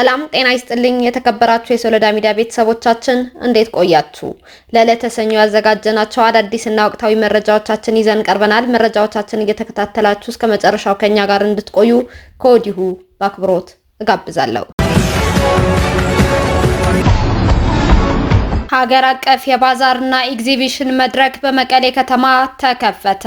ሰላም ጤና ይስጥልኝ የተከበራችሁ የሶሎዳ ሚዲያ ቤተሰቦቻችን እንዴት ቆያችሁ? ለዕለተ ሰኞ ያዘጋጀናቸው አዳዲስና ወቅታዊ መረጃዎቻችን ይዘን ቀርበናል። መረጃዎቻችን እየተከታተላችሁ እስከ መጨረሻው ከኛ ጋር እንድትቆዩ ከወዲሁ በአክብሮት እጋብዛለሁ። ሀገር አቀፍ የባዛርና ኤግዚቢሽን መድረክ በመቀሌ ከተማ ተከፈተ።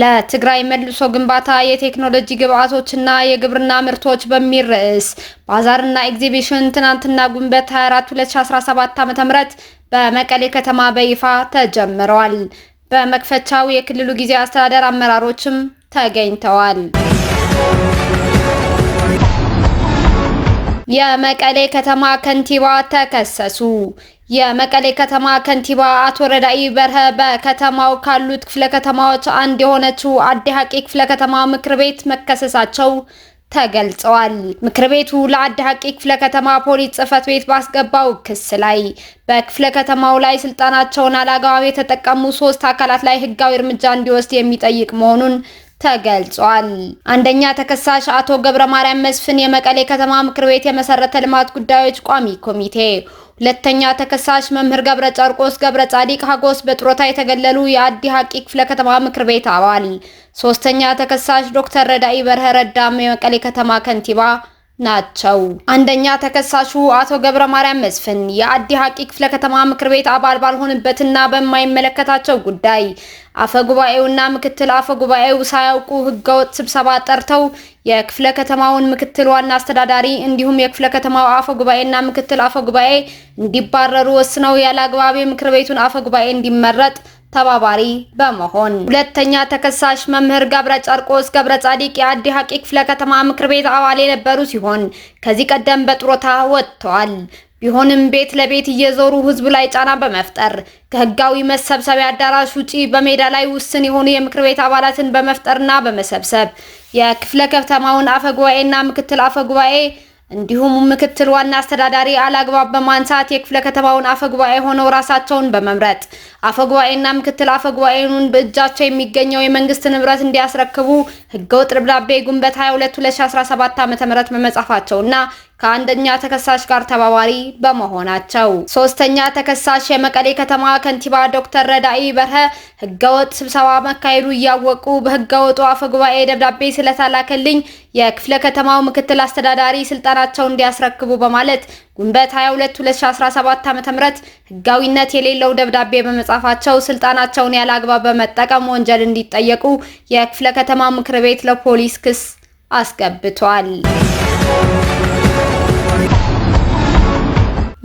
ለትግራይ መልሶ ግንባታ የቴክኖሎጂ ግብዓቶችና የግብርና ምርቶች በሚል ርዕስ ባዛርና ኤግዚቢሽን ትናንትና ግንቦት 24 2017 ዓ.ም በመቀሌ ከተማ በይፋ ተጀምረዋል። በመክፈቻው የክልሉ ጊዜ አስተዳደር አመራሮችም ተገኝተዋል። የመቀሌ ከተማ ከንቲባ ተከሰሱ። የመቀሌ ከተማ ከንቲባ አቶ ረዳኢ በርሀ በከተማው ካሉት ክፍለ ከተማዎች አንድ የሆነችው አዲ ክፍለ ከተማ ምክር ቤት መከሰሳቸው ተገልጸዋል። ምክር ቤቱ ለአዲ ሀቂ ክፍለ ከተማ ፖሊስ ጽፈት ቤት ባስገባው ክስ ላይ በክፍለ ከተማው ላይ ስልጣናቸውን አላግባብ የተጠቀሙ ሶስት አካላት ላይ ህጋዊ እርምጃ እንዲወስድ የሚጠይቅ መሆኑን ተገልጿል። አንደኛ ተከሳሽ አቶ ገብረ ማርያም መስፍን የመቀሌ ከተማ ምክር ቤት የመሰረተ ልማት ጉዳዮች ቋሚ ኮሚቴ፣ ሁለተኛ ተከሳሽ መምህር ገብረ ጨርቆስ ገብረ ጻዲቅ ሀጎስ በጥሮታ የተገለሉ የአዲ ሀቂ ክፍለ ከተማ ምክር ቤት አባል፣ ሶስተኛ ተከሳሽ ዶክተር ረዳኢ በርሀ ረዳም የመቀሌ ከተማ ከንቲባ ናቸው። አንደኛ ተከሳሹ አቶ ገብረ ማርያም መስፍን የአዲ ሀቂ ክፍለ ከተማ ምክር ቤት አባል ባልሆንበትና በማይመለከታቸው ጉዳይ አፈ ጉባኤውና ምክትል አፈ ጉባኤው ሳያውቁ ህገወጥ ስብሰባ ጠርተው የክፍለ ከተማውን ምክትል ዋና አስተዳዳሪ እንዲሁም የክፍለ ከተማው አፈ ጉባኤና ምክትል አፈ ጉባኤ እንዲባረሩ ወስነው ያለ አግባብ የምክር ቤቱን አፈ ጉባኤ እንዲመረጥ ተባባሪ በመሆን ሁለተኛ ተከሳሽ መምህር ገብረ ጨርቆስ ገብረ ጻዲቅ የአዲ ሐቂ ክፍለ ከተማ ምክር ቤት አባል የነበሩ ሲሆን ከዚህ ቀደም በጡረታ ወጥተዋል። ቢሆንም ቤት ለቤት እየዞሩ ህዝቡ ላይ ጫና በመፍጠር ከህጋዊ መሰብሰቢያ አዳራሽ ውጪ በሜዳ ላይ ውስን የሆኑ የምክር ቤት አባላትን በመፍጠርና በመሰብሰብ የክፍለ ከተማውን ጉባኤና ምክትል ጉባኤ እንዲሁም ምክትል ዋና አስተዳዳሪ አላግባብ በማንሳት የክፍለ ከተማውን አፈጉባኤ ሆነው ራሳቸውን በመምረጥ አፈጉባኤና ምክትል አፈጉባኤኑን በእጃቸው የሚገኘው የመንግስት ንብረት እንዲያስረክቡ ህገወጥ ደብዳቤ ግንቦት 22 2017 ዓ.ም በመጻፋቸውና ከአንደኛ ተከሳሽ ጋር ተባባሪ በመሆናቸው። ሶስተኛ ተከሳሽ የመቀሌ ከተማ ከንቲባ ዶክተር ረዳኢ በርሀ ህገወጥ ስብሰባ መካሄዱ እያወቁ በህገወጡ አፈ ጉባኤ ደብዳቤ ስለተላከልኝ የክፍለ ከተማው ምክትል አስተዳዳሪ ስልጣናቸውን እንዲያስረክቡ በማለት ግንቦት 22 2017 ዓ.ም ህጋዊነት የሌለው ደብዳቤ በመጻፋቸው ስልጣናቸውን ያለ አግባብ በመጠቀም ወንጀል እንዲጠየቁ የክፍለ ከተማ ምክር ቤት ለፖሊስ ክስ አስገብቷል።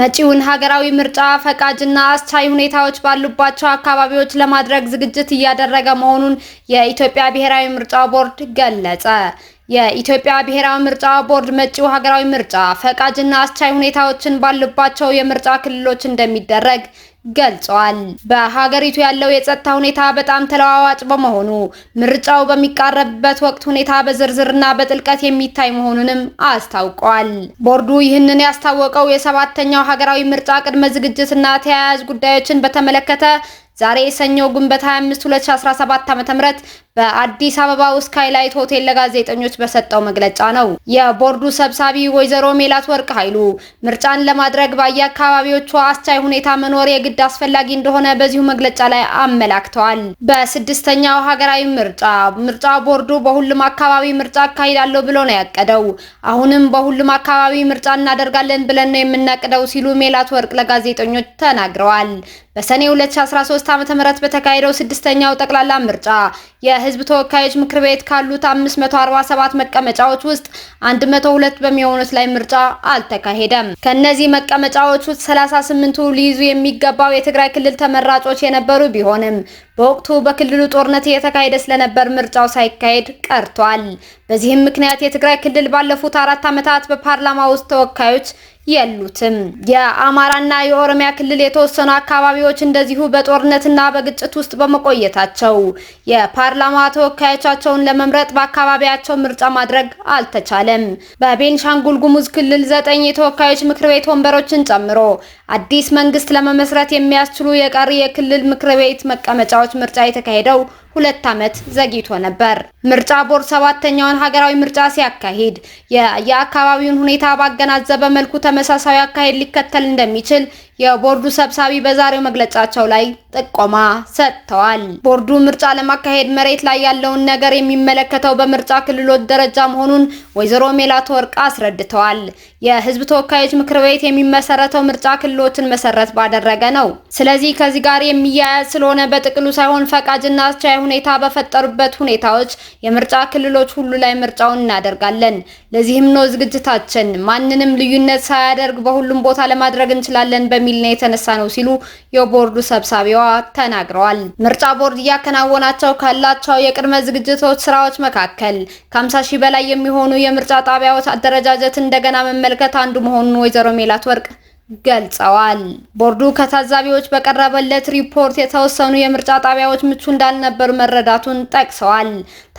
መጪውን ሀገራዊ ምርጫ ፈቃጅና አስቻይ ሁኔታዎች ባሉባቸው አካባቢዎች ለማድረግ ዝግጅት እያደረገ መሆኑን የኢትዮጵያ ብሔራዊ ምርጫ ቦርድ ገለጸ። የኢትዮጵያ ብሔራዊ ምርጫ ቦርድ መጪው ሀገራዊ ምርጫ ፈቃጅና አስቻይ ሁኔታዎችን ባሉባቸው የምርጫ ክልሎች እንደሚደረግ ገልጿል። በሀገሪቱ ያለው የጸጥታ ሁኔታ በጣም ተለዋዋጭ በመሆኑ ምርጫው በሚቃረብበት ወቅት ሁኔታ በዝርዝርና በጥልቀት የሚታይ መሆኑንም አስታውቋል። ቦርዱ ይህንን ያስታወቀው የሰባተኛው ሀገራዊ ምርጫ ቅድመ ዝግጅትና ተያያዥ ጉዳዮችን በተመለከተ ዛሬ የሰኞ ግንቦት 25 2017 ዓ.ም በአዲስ አበባ ውስጥ ስካይላይት ሆቴል ለጋዜጠኞች በሰጠው መግለጫ ነው። የቦርዱ ሰብሳቢ ወይዘሮ ሜላት ወርቅ ኃይሉ ምርጫን ለማድረግ በየአካባቢዎቹ አስቻይ ሁኔታ መኖር የግድ አስፈላጊ እንደሆነ በዚሁ መግለጫ ላይ አመላክተዋል። በስድስተኛው ሀገራዊ ምርጫ ምርጫ ቦርዱ በሁሉም አካባቢ ምርጫ አካሂዳለሁ ብሎ ነው ያቀደው። አሁንም በሁሉም አካባቢ ምርጫ እናደርጋለን ብለን ነው የምናቅደው ሲሉ ሜላት ወርቅ ለጋዜጠኞች ተናግረዋል። በሰኔ 2013 ዓ.ም በተካሄደው ስድስተኛው ጠቅላላ ምርጫ የህዝብ ተወካዮች ምክር ቤት ካሉት 547 መቀመጫዎች ውስጥ 102 በሚሆኑት ላይ ምርጫ አልተካሄደም። ከነዚህ መቀመጫዎች ውስጥ 38ቱ ሊይዙ የሚገባው የትግራይ ክልል ተመራጮች የነበሩ ቢሆንም በወቅቱ በክልሉ ጦርነት እየተካሄደ ስለነበር ምርጫው ሳይካሄድ ቀርቷል። በዚህም ምክንያት የትግራይ ክልል ባለፉት አራት ዓመታት በፓርላማ ውስጥ ተወካዮች የሉትም። የአማራና የኦሮሚያ ክልል የተወሰኑ አካባቢዎች እንደዚሁ በጦርነትና በግጭት ውስጥ በመቆየታቸው የፓርላማ ተወካዮቻቸውን ለመምረጥ በአካባቢያቸው ምርጫ ማድረግ አልተቻለም። በቤንሻንጉል ጉሙዝ ክልል ዘጠኝ የተወካዮች ምክር ቤት ወንበሮችን ጨምሮ አዲስ መንግስት ለመመስረት የሚያስችሉ የቀሪ የክልል ምክር ቤት መቀመጫዎች ምርጫ የተካሄደው ሁለት ዓመት ዘግይቶ ነበር። ምርጫ ቦርድ ሰባተኛውን ሀገራዊ ምርጫ ሲያካሂድ የአካባቢውን ሁኔታ ባገናዘበ መልኩ ተመሳሳይ አካሄድ ሊከተል እንደሚችል የቦርዱ ሰብሳቢ በዛሬው መግለጫቸው ላይ ጥቆማ ሰጥተዋል። ቦርዱ ምርጫ ለማካሄድ መሬት ላይ ያለውን ነገር የሚመለከተው በምርጫ ክልሎች ደረጃ መሆኑን ወይዘሮ ሜላትወርቅ አስረድተዋል። የህዝብ ተወካዮች ምክር ቤት የሚመሰረተው ምርጫ ክልሎችን መሰረት ባደረገ ነው። ስለዚህ ከዚህ ጋር የሚያያዝ ስለሆነ በጥቅሉ ሳይሆን ፈቃጅና አስቻይ ሁኔታ በፈጠሩበት ሁኔታዎች የምርጫ ክልሎች ሁሉ ላይ ምርጫውን እናደርጋለን። ለዚህም ነው ዝግጅታችን ማንንም ልዩነት ሳያደርግ በሁሉም ቦታ ለማድረግ እንችላለን በ በሚል ነው የተነሳ ነው ሲሉ የቦርዱ ሰብሳቢዋ ተናግረዋል። ምርጫ ቦርድ እያከናወናቸው ካላቸው የቅድመ ዝግጅቶች ስራዎች መካከል ከ50 ሺህ በላይ የሚሆኑ የምርጫ ጣቢያዎች አደረጃጀት እንደገና መመልከት አንዱ መሆኑን ወይዘሮ ሜላት ወርቅ ገልጸዋል። ቦርዱ ከታዛቢዎች በቀረበለት ሪፖርት የተወሰኑ የምርጫ ጣቢያዎች ምቹ እንዳልነበሩ መረዳቱን ጠቅሰዋል።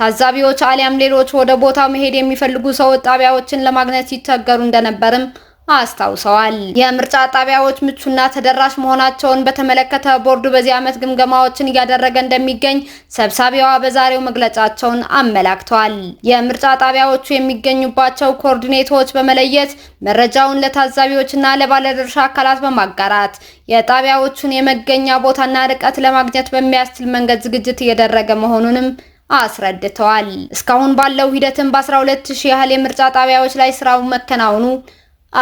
ታዛቢዎች አሊያም ሌሎች ወደ ቦታው መሄድ የሚፈልጉ ሰዎች ጣቢያዎችን ለማግኘት ሲቸገሩ እንደነበርም አስታውሰዋል። የምርጫ ጣቢያዎች ምቹና ተደራሽ መሆናቸውን በተመለከተ ቦርዱ በዚህ ዓመት ግምገማዎችን እያደረገ እንደሚገኝ ሰብሳቢዋ በዛሬው መግለጫቸውን አመላክተዋል። የምርጫ ጣቢያዎቹ የሚገኙባቸው ኮኦርዲኔቶች በመለየት መረጃውን ለታዛቢዎችና ለባለድርሻ አካላት በማጋራት የጣቢያዎቹን የመገኛ ቦታና ርቀት ለማግኘት በሚያስችል መንገድ ዝግጅት እየደረገ መሆኑንም አስረድተዋል። እስካሁን ባለው ሂደትም በ12000 ያህል የምርጫ ጣቢያዎች ላይ ስራው መከናወኑ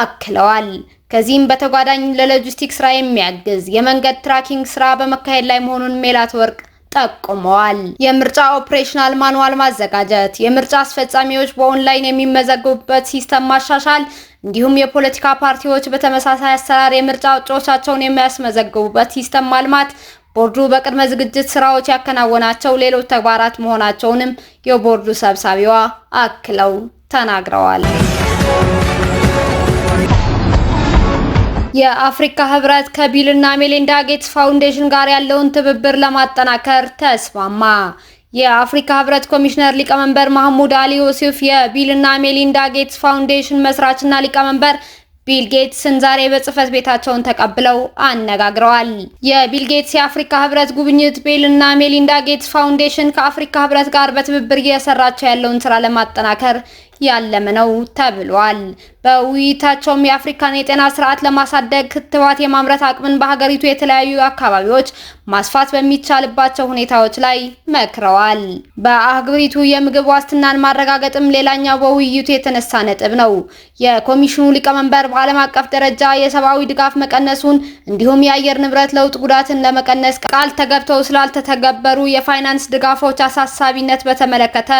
አክለዋል። ከዚህም በተጓዳኝ ለሎጂስቲክ ስራ የሚያግዝ የመንገድ ትራኪንግ ስራ በመካሄድ ላይ መሆኑን ሜላት ወርቅ ጠቁመዋል። የምርጫ ኦፕሬሽናል ማንዋል ማዘጋጀት፣ የምርጫ አስፈጻሚዎች በኦንላይን የሚመዘግቡበት ሲስተም ማሻሻል እንዲሁም የፖለቲካ ፓርቲዎች በተመሳሳይ አሰራር የምርጫ እጩዎቻቸውን የሚያስመዘግቡበት ሲስተም ማልማት ቦርዱ በቅድመ ዝግጅት ስራዎች ያከናወናቸው ሌሎች ተግባራት መሆናቸውንም የቦርዱ ሰብሳቢዋ አክለው ተናግረዋል። የአፍሪካ ህብረት ከቢልና ሜሊንዳ ጌትስ ፋውንዴሽን ጋር ያለውን ትብብር ለማጠናከር ተስማማ። የአፍሪካ ህብረት ኮሚሽነር ሊቀመንበር ማህሙድ አሊ ዮሴፍ የቢልና ሜሊንዳ ጌትስ ፋውንዴሽን መስራችና ሊቀመንበር ቢል ጌትስን ዛሬ በጽህፈት ቤታቸውን ተቀብለው አነጋግረዋል። የቢል ጌትስ የአፍሪካ ህብረት ጉብኝት ቢልና ሜሊንዳ ጌትስ ፋውንዴሽን ከአፍሪካ ህብረት ጋር በትብብር እየሰራቸው ያለውን ስራ ለማጠናከር ያለመ ነው ተብሏል። በውይይታቸውም የአፍሪካን የጤና ስርዓት ለማሳደግ ክትባት የማምረት አቅምን በሀገሪቱ የተለያዩ አካባቢዎች ማስፋት በሚቻልባቸው ሁኔታዎች ላይ መክረዋል። በአህጉሪቱ የምግብ ዋስትናን ማረጋገጥም ሌላኛው በውይይቱ የተነሳ ነጥብ ነው። የኮሚሽኑ ሊቀመንበር በዓለም አቀፍ ደረጃ የሰብአዊ ድጋፍ መቀነሱን እንዲሁም የአየር ንብረት ለውጥ ጉዳትን ለመቀነስ ቃል ተገብተው ስላልተተገበሩ የፋይናንስ ድጋፎች አሳሳቢነት በተመለከተ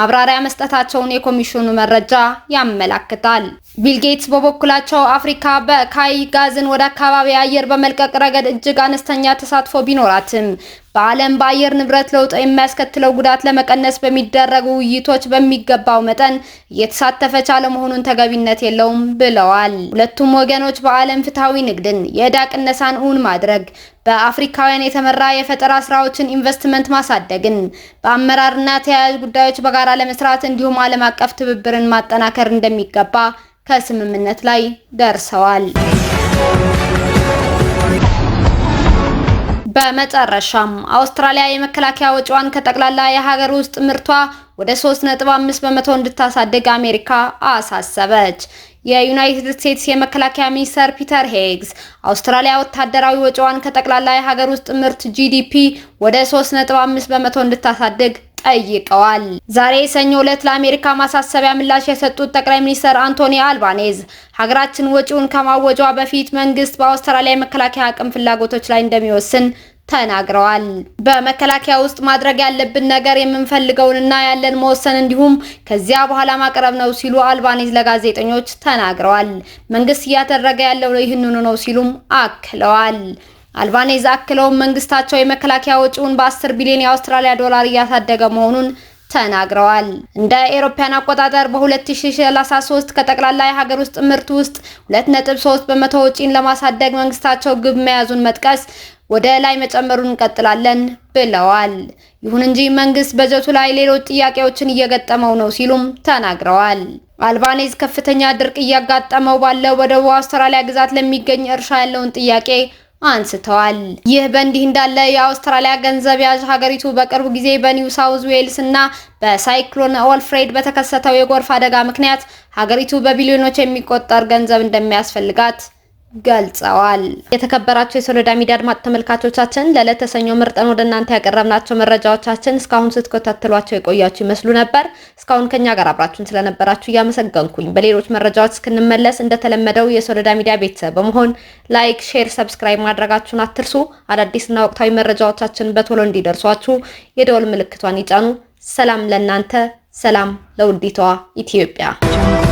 ማብራሪያ መስጠታቸውን የኮሚሽኑ መረጃ ያመላክታል። ቢል ጌትስ በበኩላቸው አፍሪካ በካይ ጋዝን ወደ አካባቢ አየር በመልቀቅ ረገድ እጅግ አነስተኛ ተሳትፎ ቢኖራትም በዓለም በአየር ንብረት ለውጥ የሚያስከትለው ጉዳት ለመቀነስ በሚደረጉ ውይይቶች በሚገባው መጠን እየተሳተፈች አለመሆኑን ተገቢነት የለውም ብለዋል። ሁለቱም ወገኖች በዓለም ፍትሐዊ ንግድን፣ የዕዳ ቅነሳን እውን ማድረግ በአፍሪካውያን የተመራ የፈጠራ ስራዎችን ኢንቨስትመንት ማሳደግን፣ በአመራርና ተያያዥ ጉዳዮች በጋራ ለመስራት እንዲሁም ዓለም አቀፍ ትብብርን ማጠናከር እንደሚገባ ከስምምነት ላይ ደርሰዋል። በመጨረሻም አውስትራሊያ የመከላከያ ወጪዋን ከጠቅላላ የሀገር ውስጥ ምርቷ ወደ 3.5 በመቶ እንድታሳድግ አሜሪካ አሳሰበች። የዩናይትድ ስቴትስ የመከላከያ ሚኒስተር ፒተር ሄግስ አውስትራሊያ ወታደራዊ ወጪዋን ከጠቅላላ የሀገር ውስጥ ምርት ጂዲፒ ወደ 3.5 በመቶ እንድታሳድግ ጠይቀዋል። ዛሬ ሰኞ ዕለት ለአሜሪካ ማሳሰቢያ ምላሽ የሰጡት ጠቅላይ ሚኒስትር አንቶኒ አልባኔዝ ሀገራችን ወጪውን ከማወጇ በፊት መንግስት በአውስትራሊያ የመከላከያ አቅም ፍላጎቶች ላይ እንደሚወስን ተናግረዋል። በመከላከያ ውስጥ ማድረግ ያለብን ነገር የምንፈልገውንና ያለን መወሰን እንዲሁም ከዚያ በኋላ ማቅረብ ነው ሲሉ አልባኔዝ ለጋዜጠኞች ተናግረዋል። መንግስት እያደረገ ያለው ይህንኑ ነው ሲሉም አክለዋል። አልባኔዝ አክለውም መንግስታቸው የመከላከያ ወጪውን በ10 ቢሊዮን የአውስትራሊያ ዶላር እያሳደገ መሆኑን ተናግረዋል። እንደ ኤሮፓያን አቆጣጠር በ2033 ከጠቅላላ የሀገር ውስጥ ምርት ውስጥ 2.3 በመቶ ወጪን ለማሳደግ መንግስታቸው ግብ መያዙን መጥቀስ ወደ ላይ መጨመሩን እንቀጥላለን ብለዋል። ይሁን እንጂ መንግስት በጀቱ ላይ ሌሎች ጥያቄዎችን እየገጠመው ነው ሲሉም ተናግረዋል። አልባኔዝ ከፍተኛ ድርቅ እያጋጠመው ባለው በደቡብ አውስትራሊያ ግዛት ለሚገኝ እርሻ ያለውን ጥያቄ አንስተዋል። ይህ በእንዲህ እንዳለ የአውስትራሊያ ገንዘብ ያዥ ሀገሪቱ በቅርቡ ጊዜ በኒው ሳውዝ ዌልስ እና በሳይክሎን ኦልፍሬድ በተከሰተው የጎርፍ አደጋ ምክንያት ሀገሪቱ በቢሊዮኖች የሚቆጠር ገንዘብ እንደሚያስፈልጋት ገልጸዋል። የተከበራቸው የሶሎዳ ሚዲያ አድማጭ ተመልካቾቻችን ለዕለተ ሰኞ ምርጠን ወደ እናንተ ያቀረብናቸው መረጃዎቻችን እስካሁን ስትከታተሏቸው የቆያችሁ ይመስሉ ነበር። እስካሁን ከኛ ጋር አብራችሁን ስለነበራችሁ እያመሰገንኩኝ በሌሎች መረጃዎች እስክንመለስ እንደተለመደው የሶሎዳ ሚዲያ ቤተሰብ በመሆን ላይክ፣ ሼር፣ ሰብስክራይብ ማድረጋችሁን አትርሱ። አዳዲስና ወቅታዊ መረጃዎቻችን በቶሎ እንዲደርሷችሁ የደወል ምልክቷን ይጫኑ። ሰላም ለእናንተ፣ ሰላም ለውዲቷ ኢትዮጵያ።